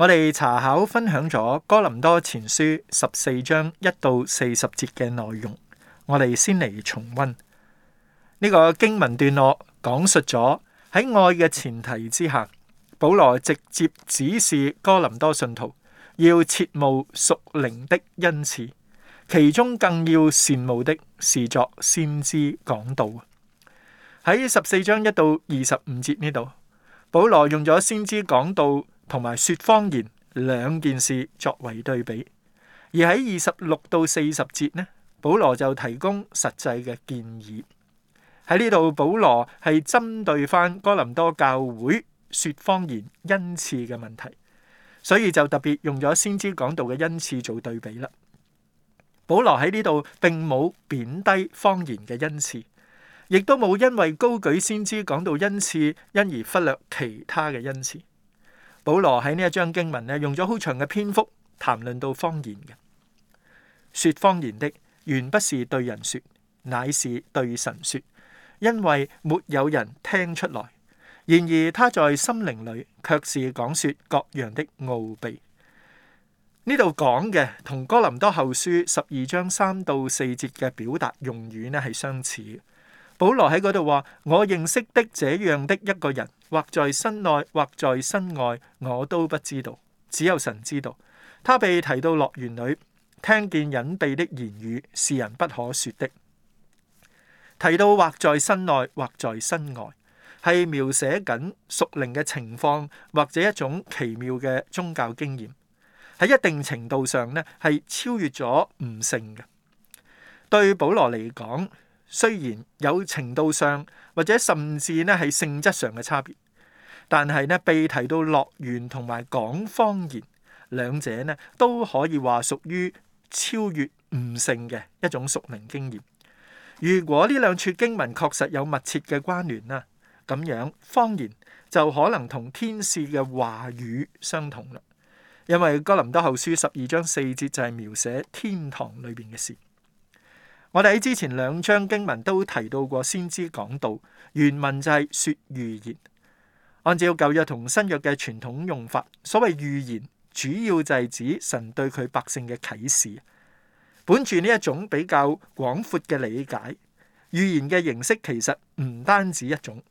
我哋查考分享咗哥林多前書十四章一到四十節嘅內容，我哋先嚟重温呢、這個經文段落，講述咗喺愛嘅前提之下，保羅直接指示哥林多信徒要切慕屬靈的恩賜，其中更要羨慕的，是作先知講道。喺十四章一到二十五節呢度，保羅用咗先知講道。同埋説方言兩件事作為對比，而喺二十六到四十節呢，保羅就提供實際嘅建議。喺呢度，保羅係針對返哥林多教會説方言恩賜嘅問題，所以就特別用咗先知講道嘅恩賜做對比啦。保羅喺呢度並冇貶低方言嘅恩賜，亦都冇因為高舉先知講道恩賜，因而忽略其他嘅恩賜。保羅喺呢一章經文咧，用咗好長嘅篇幅談論到方言嘅，說方言的原不是對人說，乃是對神說，因為沒有人聽出來。然而他在心靈裏卻是講說各樣的奧秘。呢度講嘅同哥林多後書十二章三到四節嘅表達用語咧係相似嘅。保羅喺嗰度話：我認識的這樣的一個人，或在身內，或在身外，我都不知道，只有神知道。他被提到樂園裏，聽見隱秘的言語，是人不可說的。提到或在身內，或在身外，係描寫緊屬靈嘅情況，或者一種奇妙嘅宗教經驗。喺一定程度上呢，係超越咗悟性嘅。對保羅嚟講。雖然有程度上或者甚至咧係性質上嘅差別，但係咧被提到樂園同埋講方言兩者咧都可以話屬於超越悟性嘅一種熟練經驗。如果呢兩處經文確實有密切嘅關聯啦，咁樣方言就可能同天使嘅話語相同啦，因為《哥林多後書》十二章四節就係描寫天堂裏邊嘅事。我哋喺之前兩章經文都提到過，先知講道原文就係說預言。按照舊約同新約嘅傳統用法，所謂預言主要就係指神對佢百姓嘅啟示。本住呢一種比較廣闊嘅理解，預言嘅形式其實唔單止一種。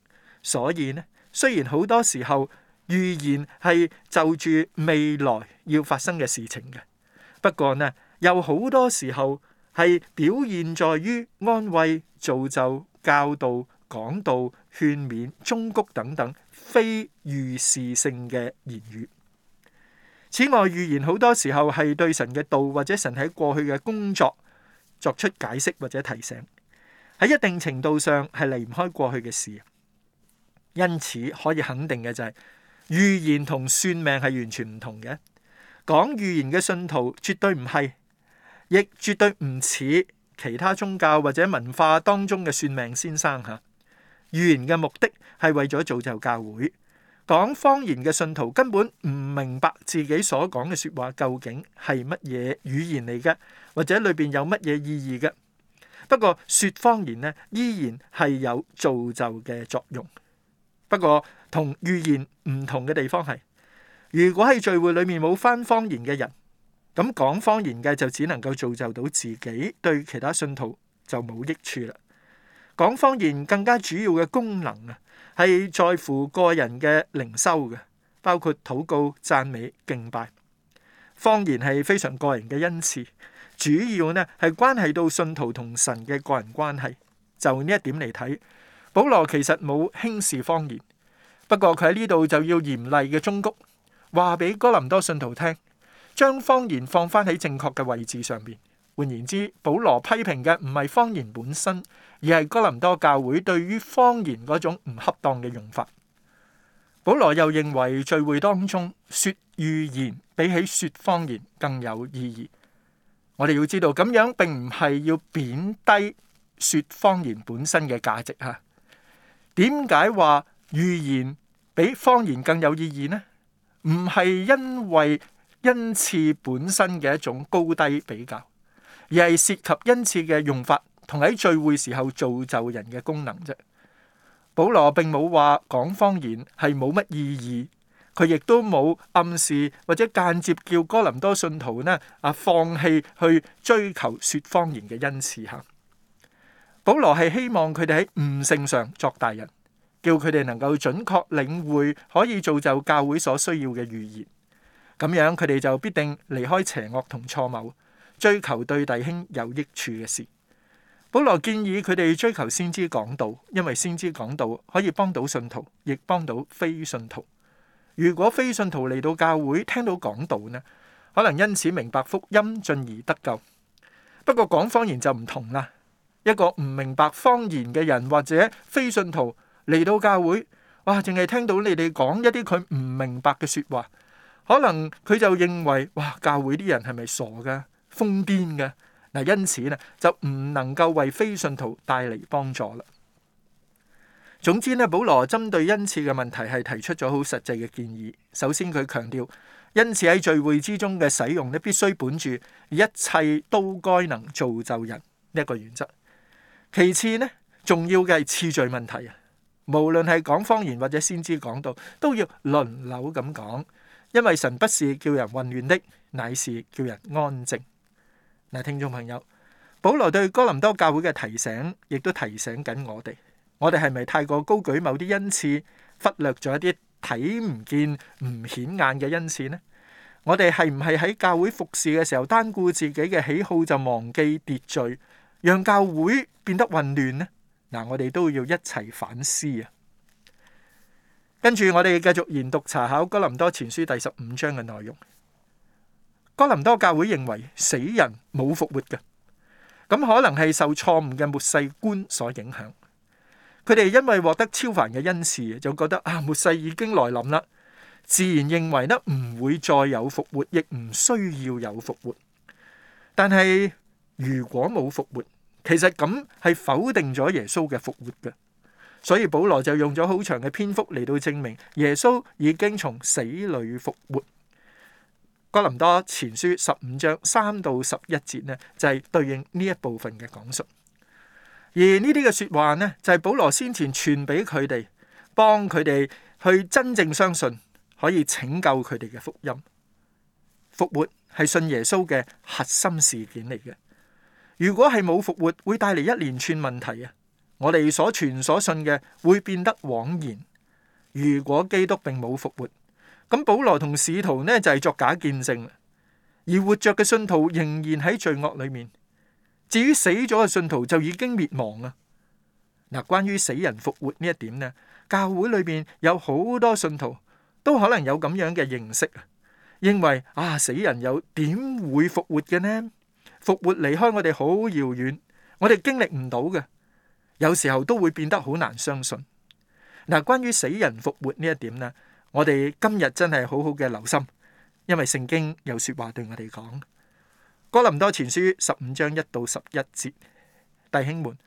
所以呢，雖然好多時候預言係就住未來要發生嘅事情嘅，不過呢，有好多時候，係表現在於安慰、造就、教導、講道、勸勉、忠告等等非預示性嘅言語。此外，預言好多時候係對神嘅道或者神喺過去嘅工作作出解釋或者提醒。喺一定程度上係離唔開過去嘅事。因此可以肯定嘅就係、是、預言同算命係完全唔同嘅。講預言嘅信徒絕對唔係。亦絕對唔似其他宗教或者文化當中嘅算命先生吓，預言嘅目的係為咗造就教會。講方言嘅信徒根本唔明白自己所講嘅說話究竟係乜嘢語言嚟嘅，或者裏邊有乜嘢意義嘅。不過說方言呢，依然係有造就嘅作用。不過同預言唔同嘅地方係，如果喺聚會裏面冇翻方言嘅人。咁講方言嘅就只能夠造就到自己，對其他信徒就冇益處啦。講方言更加主要嘅功能啊，係在乎個人嘅靈修嘅，包括禱告、讚美、敬拜。方言係非常個人嘅恩賜，主要呢係關係到信徒同神嘅個人關係。就呢一點嚟睇，保羅其實冇輕視方言，不過佢喺呢度就要嚴厲嘅忠告，話俾哥林多信徒聽。將方言放翻喺正確嘅位置上面。換言之，保羅批評嘅唔係方言本身，而係哥林多教會對於方言嗰種唔恰當嘅用法。保羅又認為，聚會當中說預言比起說方言更有意義。我哋要知道，咁樣並唔係要貶低說方言本身嘅價值吓。點解話預言比方言更有意義呢？唔係因為恩賜本身嘅一種高低比較，而係涉及恩賜嘅用法，同喺聚會時候造就人嘅功能啫。保羅並冇話講方言係冇乜意義，佢亦都冇暗示或者間接叫哥林多信徒呢啊放棄去追求說方言嘅恩賜吓。保羅係希望佢哋喺悟性上作大人，叫佢哋能夠準確領會，可以造就教會所需要嘅預言。咁樣，佢哋就必定離開邪惡同錯謀，追求對弟兄有益處嘅事。保羅建議佢哋追求先知講道，因為先知講道可以幫到信徒，亦幫到非信徒。如果非信徒嚟到教會聽到講道呢，可能因此明白福音，進而得救。不過講方言就唔同啦。一個唔明白方言嘅人或者非信徒嚟到教會，哇，淨係聽到你哋講一啲佢唔明白嘅説話。可能佢就認為哇，教會啲人係咪傻噶、瘋癲噶？嗱，因此咧就唔能夠為非信徒帶嚟幫助啦。總之咧，保羅針對恩賜嘅問題係提出咗好實際嘅建議。首先強調，佢強調恩賜喺聚會之中嘅使用咧，必須本住一切都該能造就人呢一、這個原則。其次咧，重要嘅係次序問題啊，無論係講方言或者先知講道，都要輪流咁講。因為神不是叫人混亂的，乃是叫人安靜。嗱，聽眾朋友，保羅對哥林多教會嘅提醒，亦都提醒緊我哋，我哋係咪太過高舉某啲恩賜，忽略咗一啲睇唔見、唔顯眼嘅恩賜呢？我哋係唔係喺教會服侍嘅時候，單顧自己嘅喜好，就忘記秩序，讓教會變得混亂呢？嗱，我哋都要一齊反思啊！跟住我哋繼續研讀查考哥林多前書第十五章嘅內容。哥林多教會認為死人冇復活嘅，咁可能係受錯誤嘅末世觀所影響。佢哋因為獲得超凡嘅恩賜，就覺得啊，末世已經來臨啦，自然認為呢，唔會再有復活，亦唔需要有復活。但係如果冇復活，其實咁係否定咗耶穌嘅復活嘅。所以保羅就用咗好長嘅篇幅嚟到證明耶穌已經從死裏復活。哥林多前書十五章三到十一節呢，就係對應呢一部分嘅講述。而呢啲嘅說話呢，就係保羅先前傳俾佢哋，幫佢哋去真正相信，可以拯救佢哋嘅福音。復活係信耶穌嘅核心事件嚟嘅。如果係冇復活，會帶嚟一連串問題啊！我哋所傳所信嘅會變得枉然。如果基督並冇復活，咁保羅同使徒呢就係作假見證。而活着嘅信徒仍然喺罪惡裏面。至於死咗嘅信徒就已經滅亡啦。嗱，關於死人復活呢一點呢，教會裏邊有好多信徒都可能有咁樣嘅認識啊，認為啊死人又點會復活嘅呢？復活離開我哋好遙遠，我哋經歷唔到嘅。有時候都會變得好難相信。嗱，關於死人復活呢一點呢，我哋今日真係好好嘅留心，因為聖經有說話對我哋講。哥林多前書十五章一到十一節，弟兄們，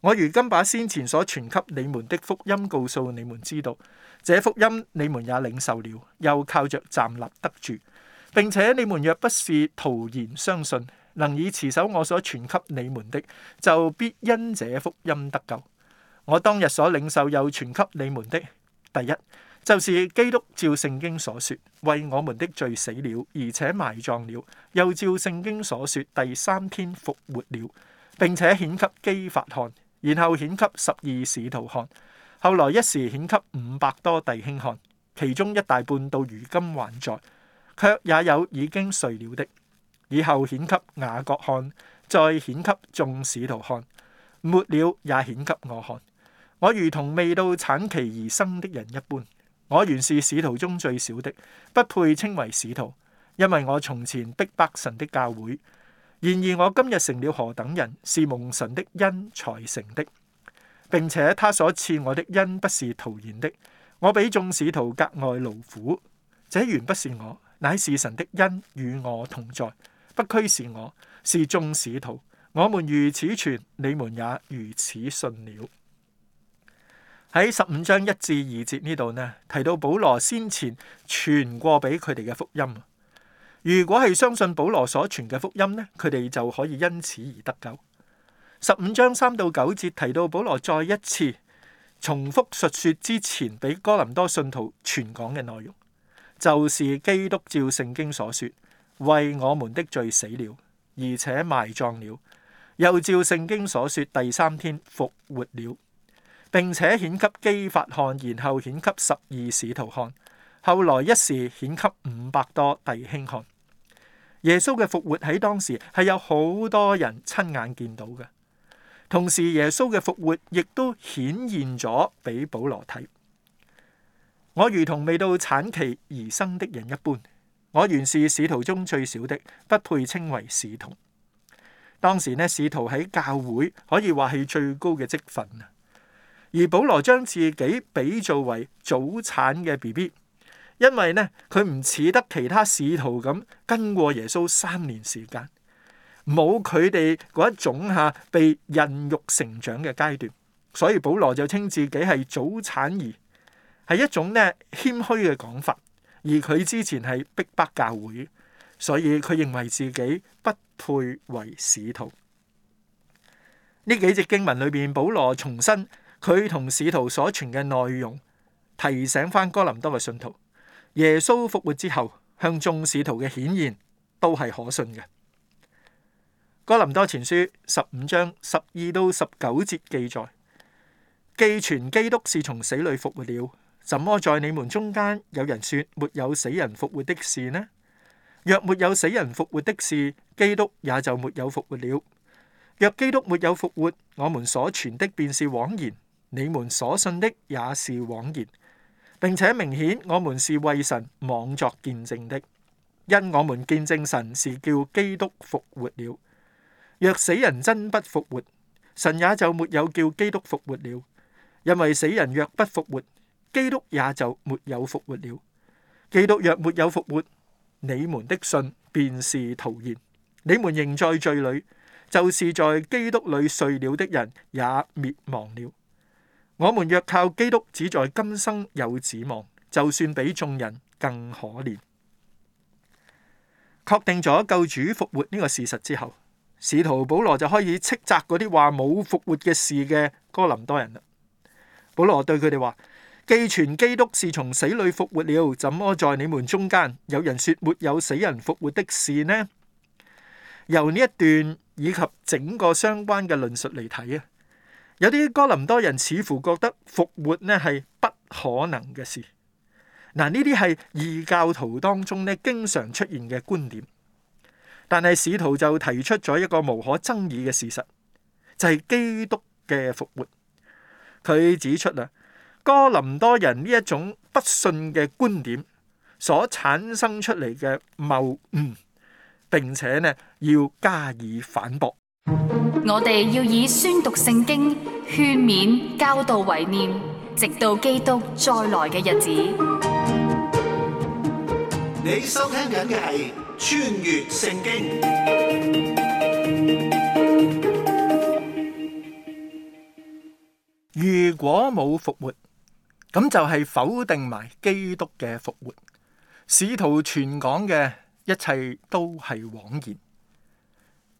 我如今把先前所傳給你們的福音告訴你們知道，這福音你們也領受了，又靠着站立得住。並且你們若不是徒然相信。能以持守我所傳給你們的，就必因這福音得救。我當日所領受又傳給你們的，第一就是基督照聖經所說為我們的罪死了，而且埋葬了，又照聖經所說第三天復活了，並且顯給基法看，然後顯給十二使徒看，後來一時顯給五百多弟兄看，其中一大半到如今還在，卻也有已經睡了的。以後顯給雅各看，再顯給眾使徒看，末了也顯給我看。我如同未到產期而生的人一般，我原是使徒中最小的，不配稱為使徒，因為我從前逼迫神的教會。然而我今日成了何等人，是蒙神的恩才成的，並且他所賜我的恩不是徒然的。我比眾使徒格外勞苦，這原不是我，乃是神的恩與我同在。不拘是我是眾使徒，我們如此傳，你們也如此信了。喺十五章一至二節呢度呢，提到保羅先前傳過俾佢哋嘅福音。如果係相信保羅所傳嘅福音呢，佢哋就可以因此而得救。十五章三到九節提到保羅再一次重複述說之前俾哥林多信徒傳講嘅內容，就是基督照聖經所說，為我們的罪死了，而且埋葬了，又照聖經所說，第三天復活了，並且顯給基法看，然後顯給十二使徒看，後來一時顯給五百多弟兄看。耶穌嘅復活喺當時係有好多人親眼見到嘅，同時耶穌嘅復活亦都顯現咗俾保羅睇。我如同未到產期而生的人一般。我原是使徒中最小的，不配稱為使徒。當時呢，使徒喺教會可以話係最高嘅職份啊。而保羅將自己比作為早產嘅 BB，因為呢，佢唔似得其他使徒咁跟過耶穌三年時間，冇佢哋嗰一種吓、啊、被孕育成長嘅階段，所以保羅就稱自己係早產兒，係一種呢謙虛嘅講法。而佢之前係逼迫教會，所以佢認為自己不配為使徒。呢幾隻經文裏面，保羅重申佢同使徒所傳嘅內容，提醒返哥林多嘅信徒：耶穌復活之後，向眾使徒嘅顯現都係可信嘅。哥林多前書十五章十二到十九節記載，既傳基督是從死裡復活了。怎麼在你們中間有人說沒有死人復活的事呢？若沒有死人復活的事，基督也就沒有復活了。若基督沒有復活，我們所傳的便是枉然，你們所信的也是枉然，並且明顯我們是為神妄作見證的，因我們見證神是叫基督復活了。若死人真不復活，神也就沒有叫基督復活了，因為死人若不復活，基督也就沒有復活了。基督若沒有復活，你們的信便是徒然；你們仍在罪裏，就是在基督裏睡了的人也滅亡了。我們若靠基督只在今生有指望，就算比眾人更可憐。確定咗救主復活呢個事實之後，使徒保羅就開始斥責嗰啲話冇復活嘅事嘅哥林多人啦。保羅對佢哋話。既存基督是從死裏復活了，怎麼在你們中間有人說沒有死人復活的事呢？由呢一段以及整個相關嘅論述嚟睇啊，有啲哥林多人似乎覺得復活呢係不可能嘅事。嗱，呢啲係異教徒當中呢經常出現嘅觀點，但係使徒就提出咗一個無可爭議嘅事實，就係基督嘅復活。佢指出啊。哥林多人呢一種不信嘅觀點所產生出嚟嘅謬誤，並且呢要加以反駁。我哋要以宣讀聖經、勸勉、教導為念，直到基督再來嘅日子。你收聽緊嘅係《穿越聖經》。如果冇復活。咁就係否定埋基督嘅復活，使徒全講嘅一切都係枉然。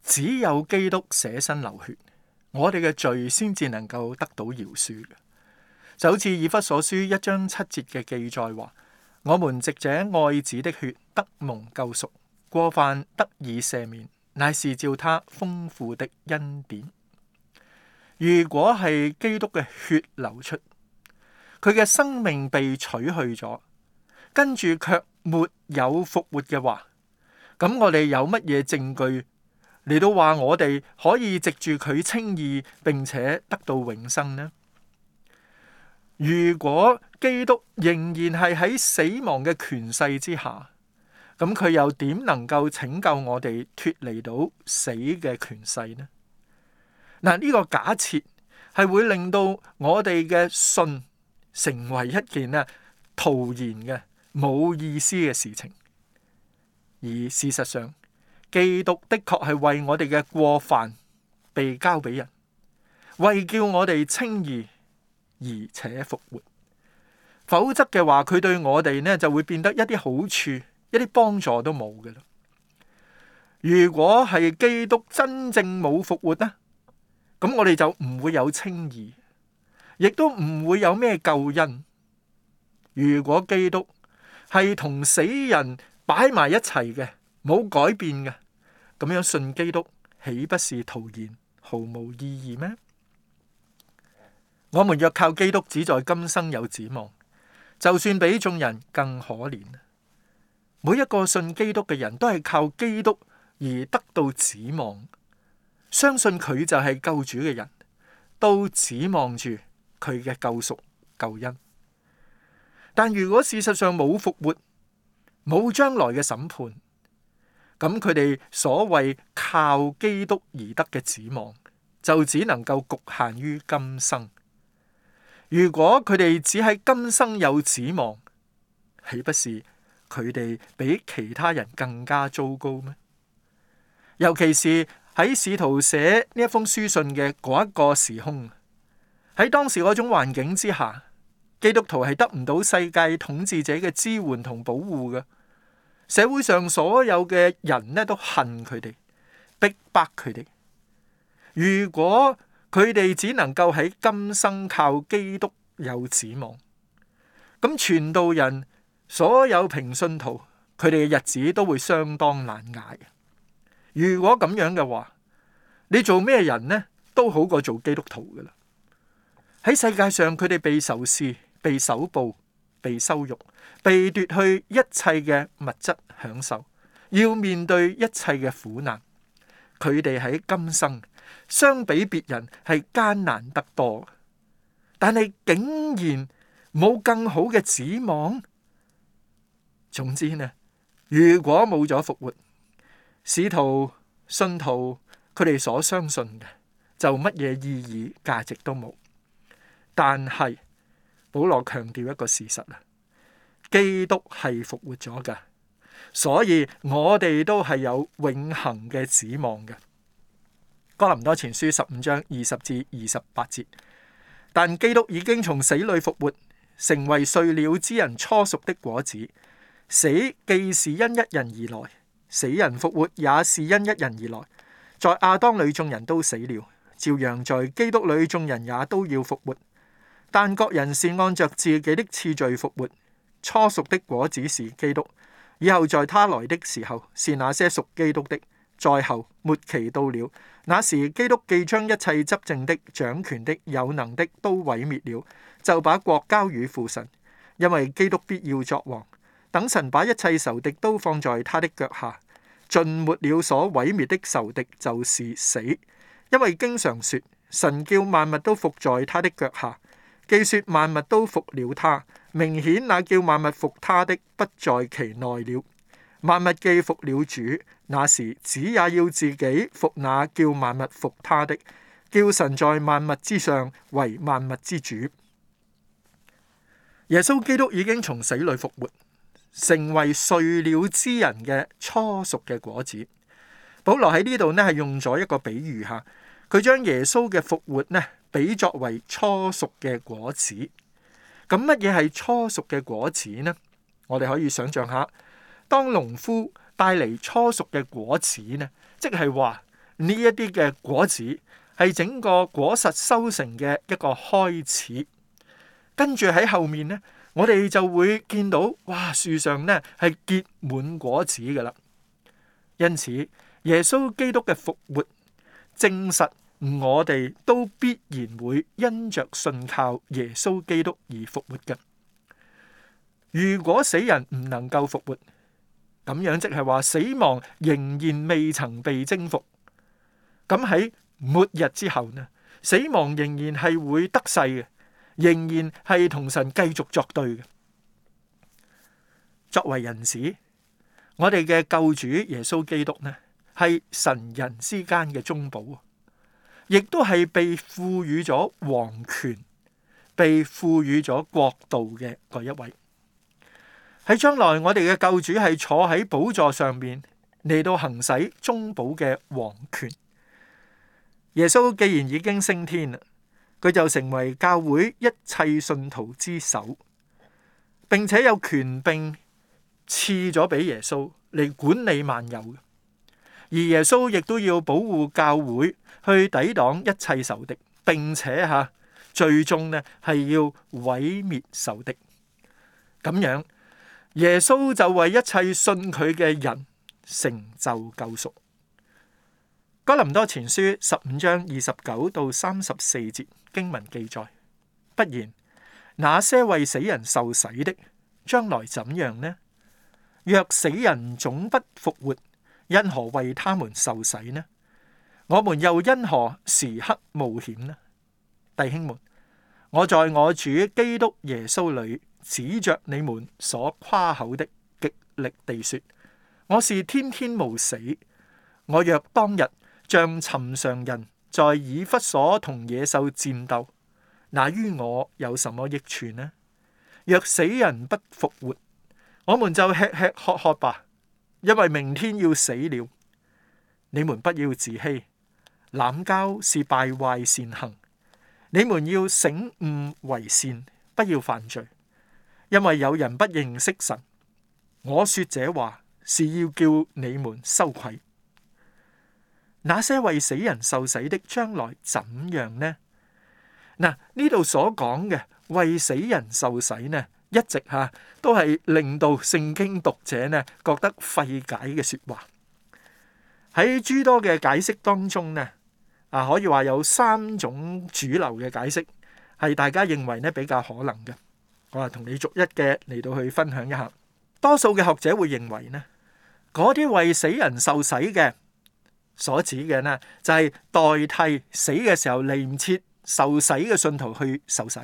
只有基督捨身流血，我哋嘅罪先至能夠得到饒恕。就好似以弗所書一章七節嘅記載話：我們藉着愛子的血得蒙救贖，過犯得以赦免，乃是照他豐富的恩典。如果係基督嘅血流出。佢嘅生命被取去咗，跟住卻沒有復活嘅話，咁我哋有乜嘢證據嚟到話我哋可以藉住佢稱義並且得到永生呢？如果基督仍然係喺死亡嘅權勢之下，咁佢又點能夠拯救我哋脫離到死嘅權勢呢？嗱，呢個假設係會令到我哋嘅信。成為一件呢徒然嘅冇意思嘅事情，而事實上，基督的確係為我哋嘅過犯被交俾人，為叫我哋稱義而且復活。否則嘅話，佢對我哋呢就會變得一啲好處、一啲幫助都冇嘅啦。如果係基督真正冇復活呢，咁我哋就唔會有稱義。亦都唔會有咩救恩。如果基督係同死人擺埋一齊嘅，冇改變嘅，咁樣信基督豈不是徒然，毫無意義咩？我們若靠基督只在今生有指望，就算比眾人更可憐。每一個信基督嘅人都係靠基督而得到指望，相信佢就係救主嘅人都指望住。佢嘅救贖、救恩，但如果事實上冇復活、冇將來嘅審判，咁佢哋所謂靠基督而得嘅指望，就只能夠局限於今生。如果佢哋只喺今生有指望，豈不是佢哋比其他人更加糟糕咩？尤其是喺使徒寫呢一封書信嘅嗰一個時空。喺當時嗰種環境之下，基督徒係得唔到世界統治者嘅支援同保護嘅。社會上所有嘅人咧都恨佢哋，逼迫佢哋。如果佢哋只能夠喺今生靠基督有指望，咁傳道人所有平信徒佢哋嘅日子都會相當難捱。如果咁樣嘅話，你做咩人呢？都好過做基督徒㗎喇。喺世界上，佢哋被仇視、被搜捕、被羞辱、被奪去一切嘅物質享受，要面對一切嘅苦難。佢哋喺今生相比別人係艱難得多，但係竟然冇更好嘅指望。總之呢，如果冇咗復活，使徒、信徒，佢哋所相信嘅，就乜嘢意義、價值都冇。但係，保羅強調一個事實啊，基督係復活咗㗎，所以我哋都係有永恆嘅指望嘅。哥林多前書十五章二十至二十八節。但基督已經從死裏復活，成為睡了之人初熟的果子。死既是因一人而來，死人復活也是因一人而來。在亞當裏眾人都死了，照樣在基督裏眾人也都要復活。但各人是按着自己的次序復活。初熟的果子是基督，以後在他來的時候是那些屬基督的。再後末期到了，那時基督既將一切執政的、掌權的、有能的都毀滅了，就把國交與父神，因為基督必要作王，等神把一切仇敵都放在他的腳下。盡沒了所毀滅的仇敵，就是死，因為經常說神叫萬物都伏在他的腳下。既說萬物都服了他，明顯那叫萬物服他的不在其內了。萬物既服了主，那時子也要自己服那叫萬物服他的，叫神在萬物之上為萬物之主。耶穌基督已經從死裏復活，成為睡了之人嘅初熟嘅果子。保羅喺呢度呢係用咗一個比喻吓，佢將耶穌嘅復活呢？俾作為初熟嘅果子，咁乜嘢係初熟嘅果子呢？我哋可以想象下，當農夫帶嚟初熟嘅果子呢，即係話呢一啲嘅果子係整個果實收成嘅一個開始。跟住喺後面呢，我哋就會見到哇，樹上呢係結滿果子㗎啦。因此，耶穌基督嘅復活證實，我哋都必然會因着信靠耶穌基督而復活嘅。如果死人唔能夠復活，咁樣即係話死亡仍然未曾被征服。咁喺末日之後呢，死亡仍然係會得勢嘅，仍然係同神繼續作對嘅。作為人子，我哋嘅救主耶穌基督呢，係神人之間嘅中保。亦都係被賦予咗皇權，被賦予咗國度嘅嗰一位。喺將來，我哋嘅救主係坐喺寶座上面，嚟到行使中保嘅皇權。耶穌既然已經升天啦，佢就成為教會一切信徒之首，並且有權柄賜咗俾耶穌嚟管理萬有。而耶穌亦都要保護教會，去抵擋一切仇敵，並且嚇、啊、最終呢係要毀滅仇敵。咁樣耶穌就為一切信佢嘅人成就救贖。哥林多前書十五章二十九到三十四節經文記載：不然，那些為死人受洗的，將來怎樣呢？若死人總不復活，因何為他們受洗呢？我們又因何時刻冒險呢？弟兄們，我在我主基督耶穌裏，指着你們所誇口的，極力地說：我是天天無死。我若當日像尋常人，在以弗所同野獸戰鬥，那於我有什麼益處呢？若死人不復活，我們就吃吃喝喝吧。因為明天要死了，你們不要自欺，濫交是敗壞善行，你們要醒悟為善，不要犯罪。因為有人不認識神，我說這話是要叫你們羞愧。那些為死人受洗的將來怎樣呢？嗱，呢度所講嘅為死人受洗呢，一直吓，啊、都係令到聖經讀者呢覺得費解嘅説話，喺諸多嘅解釋當中呢，啊，可以話有三種主流嘅解釋係大家認為呢比較可能嘅，我啊，同你逐一嘅嚟到去分享一下。多數嘅學者會認為呢，嗰啲為死人受洗嘅所指嘅呢，就係、是，代替死嘅時候嚟唔切受洗嘅信徒去受洗。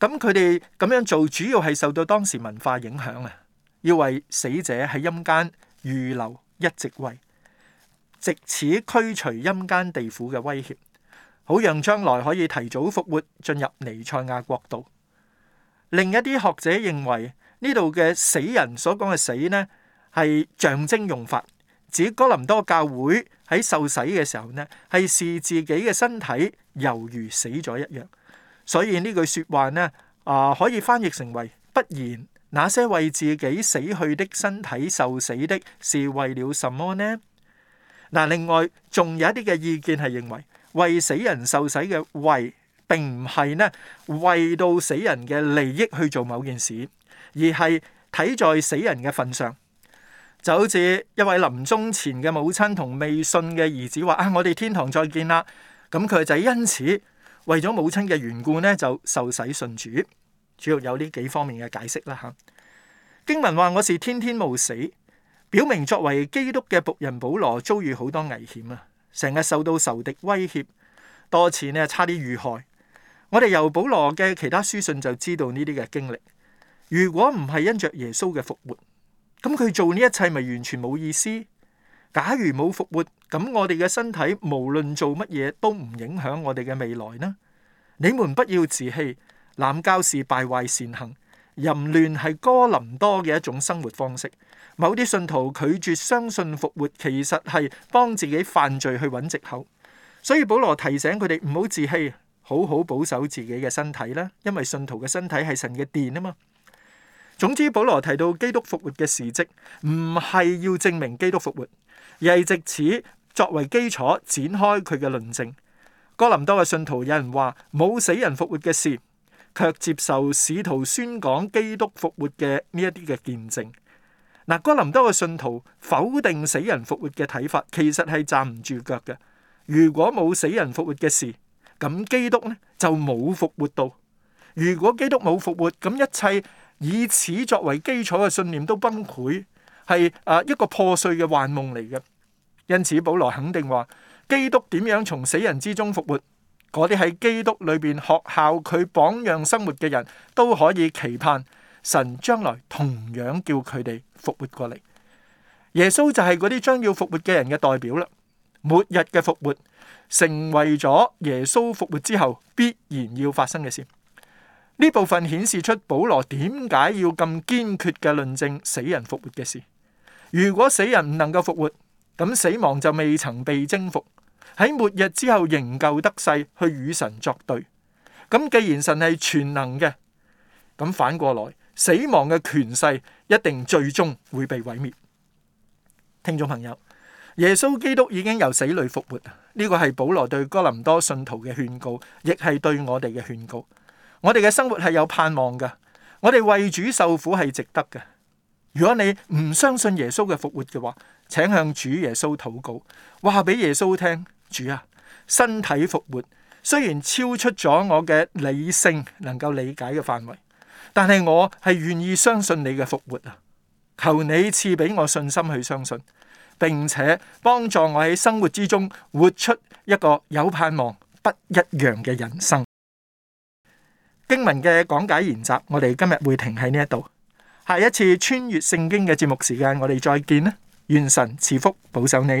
咁佢哋咁樣做，主要係受到當時文化影響啊，要為死者喺陰間預留一席位，借此驅除陰間地府嘅威脅，好讓將來可以提早復活進入尼賽亞國度。另一啲學者認為呢度嘅死人所講嘅死呢，係象徵用法，指哥林多教會喺受洗嘅時候呢，係視自己嘅身體猶如死咗一樣。所以呢句説話呢，啊、呃、可以翻譯成為：不然那些為自己死去的身體受死的，是為了什麼呢？嗱，另外仲有一啲嘅意見係認為，為死人受死嘅為並唔係呢，為到死人嘅利益去做某件事，而係睇在死人嘅份上，就好似一位臨終前嘅母親同未信嘅兒子話啊，我哋天堂再見啦。咁佢就因此。為咗母親嘅緣故呢，就受洗信主。主要有呢幾方面嘅解釋啦吓。經文話我是天天冒死，表明作為基督嘅僕人保羅遭遇好多危險啊，成日受到仇敵威脅，多次咧差啲遇害。我哋由保羅嘅其他書信就知道呢啲嘅經歷。如果唔係因着耶穌嘅復活，咁佢做呢一切咪完全冇意思？假如冇復活，咁我哋嘅身體無論做乜嘢都唔影響我哋嘅未來呢？你們不要自棄，濫交是敗壞善行，淫亂係哥林多嘅一種生活方式。某啲信徒拒絕相信復活，其實係幫自己犯罪去揾藉口。所以保羅提醒佢哋唔好自欺，好好保守自己嘅身體啦，因為信徒嘅身體係神嘅殿啊嘛。總之保羅提到基督復活嘅事跡，唔係要證明基督復活，而係借此作為基礎展開佢嘅論證。哥林多嘅信徒有人話冇死人復活嘅事，卻接受使徒宣講基督復活嘅呢一啲嘅見證。嗱，哥林多嘅信徒否定死人復活嘅睇法，其實係站唔住腳嘅。如果冇死人復活嘅事，咁基督呢就冇復活到；如果基督冇復活，咁一切。以此作為基礎嘅信念都崩潰，係啊，一個破碎嘅幻夢嚟嘅。因此，保羅肯定話：基督點樣從死人之中復活，嗰啲喺基督裏邊學效佢榜樣生活嘅人都可以期盼神將來同樣叫佢哋復活過嚟。耶穌就係嗰啲將要復活嘅人嘅代表啦。末日嘅復活成為咗耶穌復活之後必然要發生嘅事。呢部分顯示出保羅點解要咁堅決嘅論證死人復活嘅事。如果死人唔能夠復活，咁死亡就未曾被征服，喺末日之後仍舊得勢去與神作對。咁既然神係全能嘅，咁反過來死亡嘅權勢一定最終會被毀滅。聽眾朋友，耶穌基督已經由死裏復活，呢個係保羅對哥林多信徒嘅勸告，亦係對我哋嘅勸告。我哋嘅生活係有盼望㗎，我哋為主受苦係值得嘅。如果你唔相信耶穌嘅復活嘅話，請向主耶穌禱告，話俾耶穌聽：主啊，身體復活雖然超出咗我嘅理性能夠理解嘅範圍，但係我係願意相信你嘅復活啊！求你賜俾我信心去相信，並且幫助我喺生活之中活出一個有盼望、不一樣嘅人生。經文嘅講解研習，我哋今日會停喺呢一度。下一次穿越聖經嘅節目時間，我哋再見啦！願神賜福保守你。